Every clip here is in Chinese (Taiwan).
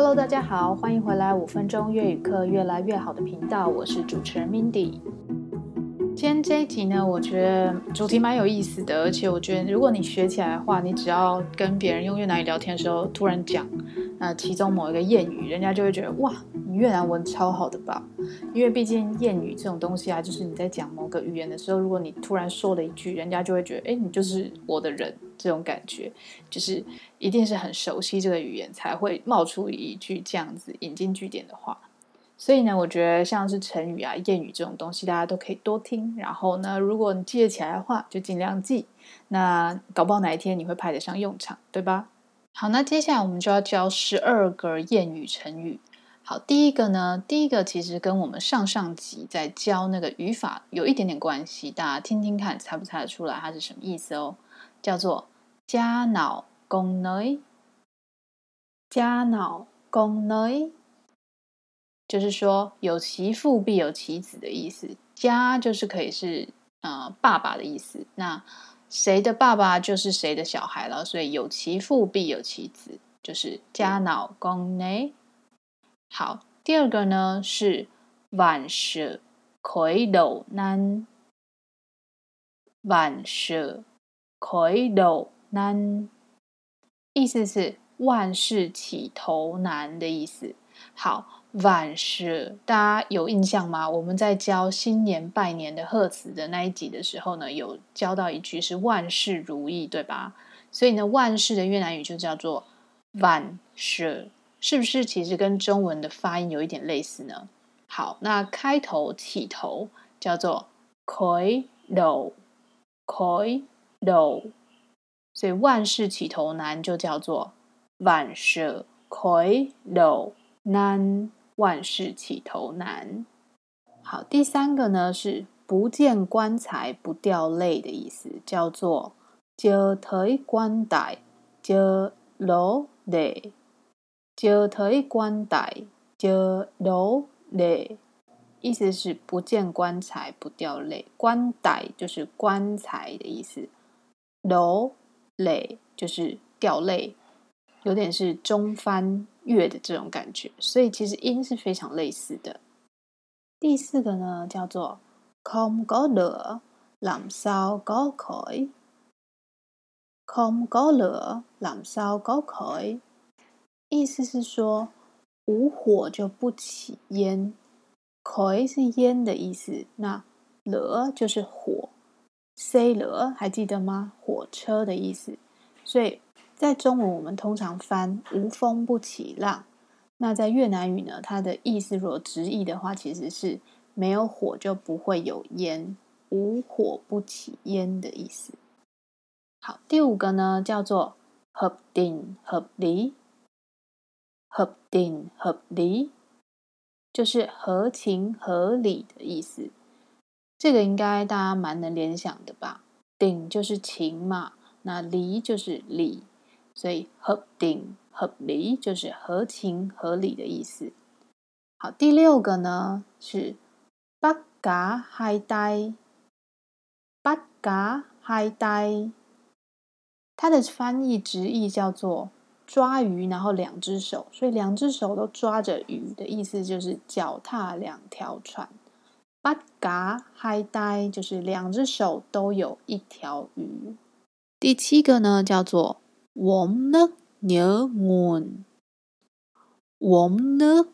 Hello，大家好，歡迎回來五分鐘越語課越來越好的頻道，我是主持人 Mindy。今天這一集呢，我覺得主題蠻有意思的，而且我覺得如果你學起來的話，你只要跟別人用越南語聊天的時候，突然講，呃，其中某一個諺語，人家就會覺得哇，你越南文超好的吧？因為畢竟諺語這種東西啊，就是你在講某個語言的時候，如果你突然說了一句，人家就會覺得，哎，你就是我的人。這種感覺就是一定是很熟悉這個語言才會冒出一句這樣子引經據典的話，所以呢，我覺得像是成語啊、諺語這種東西，大家都可以多聽。然後呢，如果你記得起來的話，就盡量記。那搞不好哪一天你會派得上用場，對吧？好，那接下來我們就要教十二個諺語、成語。好，第一個呢，第一個其實跟我們上上集在教那個語法有一點點關係，大家聽聽看，猜不猜得出來它是什麼意思哦？叫做家老公內，家老公內，就是說有其父必有其子的意思。家就是可以是，呃、爸爸的意思，那誰的爸爸就是誰的小孩了，所以有其父必有其子，就是家老公內。好，第二個呢是晚舍魁斗難，晚舍魁斗。難，意思是萬事起頭難的意思。好，萬事大家有印象嗎？我們在教新年拜年的賀詞的那一集的時候呢，有教到一句是“萬事如意”，對吧？所以呢，萬事的越南語就叫做“萬事”，是不是？其實跟中文的發音有一點類似呢。好，那開頭起頭叫做 “khởi đầu 所以萬事起頭難，就叫做萬事開頭難。萬事起頭難。好，第三個呢是不見棺材不掉淚的意思，叫做就抬棺材，見落淚。見抬棺材，見落淚。意思是不見棺材不掉淚。棺材就是棺材的意思。落。淚，就是掉淚，有點是中翻越的這種感覺，所以其實音是非常類似的。第四個呢叫做 Không có lửa，làm sao，có khói，Không có lửa，làm sao có 燒，có khói 意思是說無火就不起煙，khói 是煙的意思，那 lửa 就是火。塞了，還記得嗎？火車的意思。所以，在中文我們通常翻“無風不起浪”。那在越南語呢，它的意思如果直譯的話，其實是“沒有火就不會有煙”，“無火不起煙”的意思。好，第五個呢，叫做 “Hợp tình hợp lý”，“Hợp tình hợp lý” 就是合情合理的意思。這個應該大家蠻能聯想的吧？頂就是情嘛，那離就是理，所以合頂合離就是合情合理的意思。好，第六個呢是八嘎嗨呆，八嘎嗨呆，它的翻譯直譯叫做抓魚，然後兩隻手，所以兩隻手都抓着魚的意思就是腳踏兩條船。Bắt cá hai tay，就是兩只手都有一條魚。第七個呢，叫做 “Uống nước nhớ nguồn”。Uống nước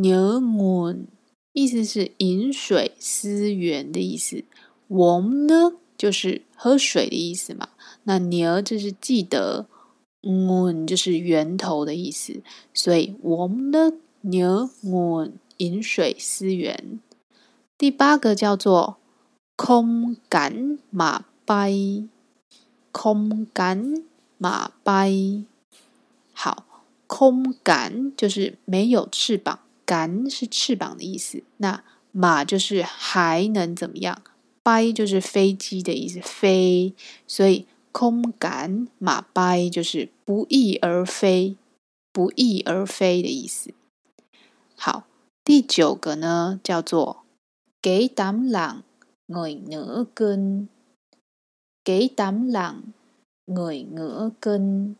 nhớ nguồn，意思是飲水思源的意思。Uống nước 就是喝水的意思嘛，那 nhớ 就是記得，nguồn 就是源頭的意思，所以 Uống nước nhớ nguồn 飲水思源。第八個叫做“空感馬掰”，空感馬掰。好，空感就是沒有翅膀，感是翅膀的意思。那馬就是還能怎麼樣？掰就是飛機的意思，飛。所以空感馬掰就是不翼而飛，不翼而飛的意思。好，第九個呢叫做。Kẻ tám lạng，người nửa cân. Kẻ tám lạng người nửa cân.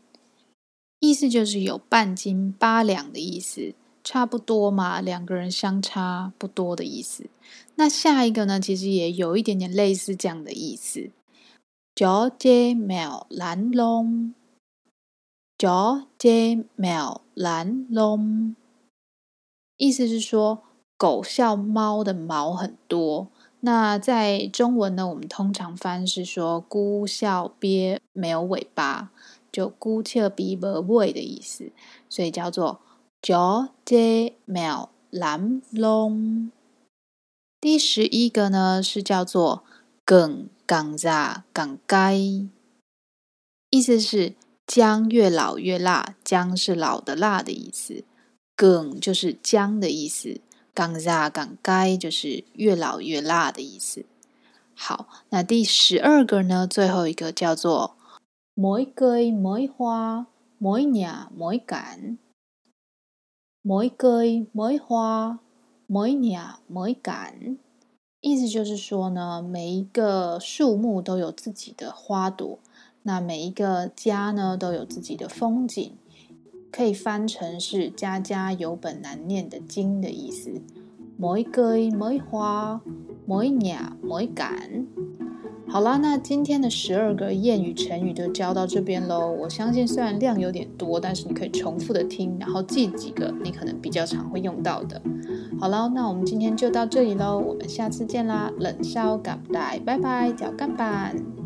意思就是有半斤八兩的意思，差不多嘛，兩個人相差不多的意思。那下一個呢，其實也有一點點類似這樣的意思。Chó chê mèo lắm lông，Chó chê mèo lắm lông。意思是說。狗笑貓的毛很多，那在中文呢？我們通常翻是說“龜笑鱉沒有尾巴”，就“龜笑鱉無尾”的意思，所以叫做“鳥雞藍龍”。第十一個呢是叫做“梗港仔梗街”，意思是薑越老越辣，薑是老的辣的意思，“梗”就是薑的意思，港下港該就是越老越辣的意思好，那第十二個呢，最後一個叫做玫瑰梅花美鳥美感。玫瑰梅花美鳥美感意思就是說呢，每一個樹木都有自己的花朵，那每一個家呢都有自己的風景。可以翻成是家家有本難念的經的意思。每一季、一花、每一鳥、每一桿好了，那今天的十二個諺語成語就教到這邊嘍。我相信雖然量有點多，但是你可以重複的聽，然後記幾個你可能比較常會用到的。好了，那我們今天就到這裡嘍，我們下次見啦！冷笑敢帶，拜拜，腳幹板。